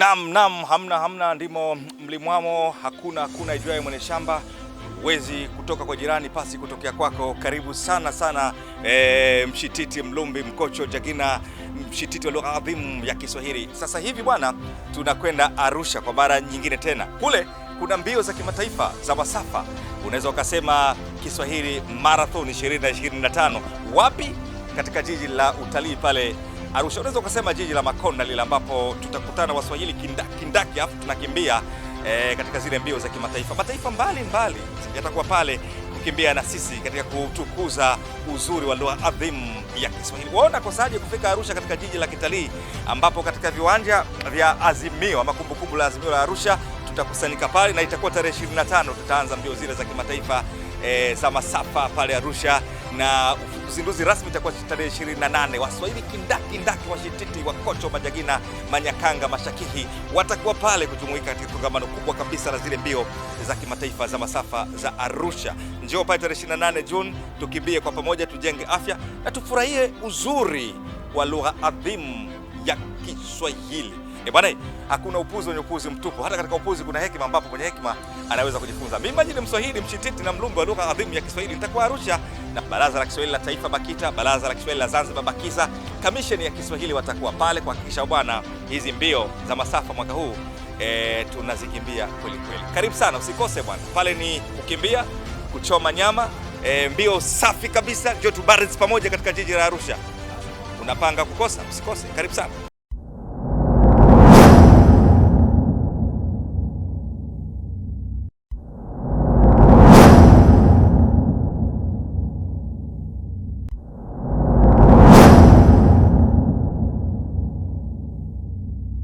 Nam nam hamna hamna ndimo mlimwamo, hakuna hakuna ijuaye mwenye shamba wezi kutoka kwa jirani pasi kutokea kwako. Karibu sana sana e, mshititi mlumbi mkocho jagina mshititi wa lugha adhimu ya Kiswahili. Sasa hivi bwana, tunakwenda Arusha kwa mara nyingine tena. Kule kuna mbio za kimataifa za wasafa unaweza ukasema Kiswahili marathon 2025 wapi? Katika jiji la utalii pale Arusha. Unaweza ukasema jiji la Makona lile ambapo tutakutana Waswahili kindaki kindaki, afu tunakimbia e, katika zile mbio za kimataifa. Mataifa mbalimbali yatakuwa pale kukimbia na sisi katika kutukuza uzuri wa lugha adhimu ya Kiswahili. Waona kosaje kufika Arusha katika jiji la kitalii ambapo katika viwanja vya Azimio ama kumbukumbu la Azimio la Arusha tutakusanyika pale na itakuwa tarehe 25 tutaanza mbio zile za kimataifa e, za masafa pale Arusha na Uzinduzi rasmi itakuwa tarehe 28. Waswahili kindakindaki, washititi, wakocho, majagina, manyakanga, mashakihi watakuwa pale kujumuika katika kongamano kubwa kabisa la zile mbio za kimataifa za masafa za Arusha. Njoo pale tarehe 28 Juni, tukimbie kwa pamoja, tujenge afya na tufurahie uzuri wa lugha adhimu ya Kiswahili. E bwana, hakuna upuzi wenye upuzi mtupu. Hata katika upuzi kuna hekima, ambapo kwenye hekima anaweza kujifunza. Mimi majini Mswahili mshititi na mlumbe wa lugha adhimu ya Kiswahili nitakuwa Arusha na Baraza la Kiswahili la Taifa BAKITA, Baraza la Kiswahili la Zanzibar BAKIZA, Kamisheni ya Kiswahili watakuwa pale kuhakikisha bwana, hizi mbio za masafa mwaka huu e, tunazikimbia kweli kweli. Karibu sana, usikose bwana, pale ni kukimbia, kuchoma nyama e, mbio safi kabisa, ndio baridi pamoja katika jiji la Arusha. Unapanga kukosa? Usikose, karibu sana.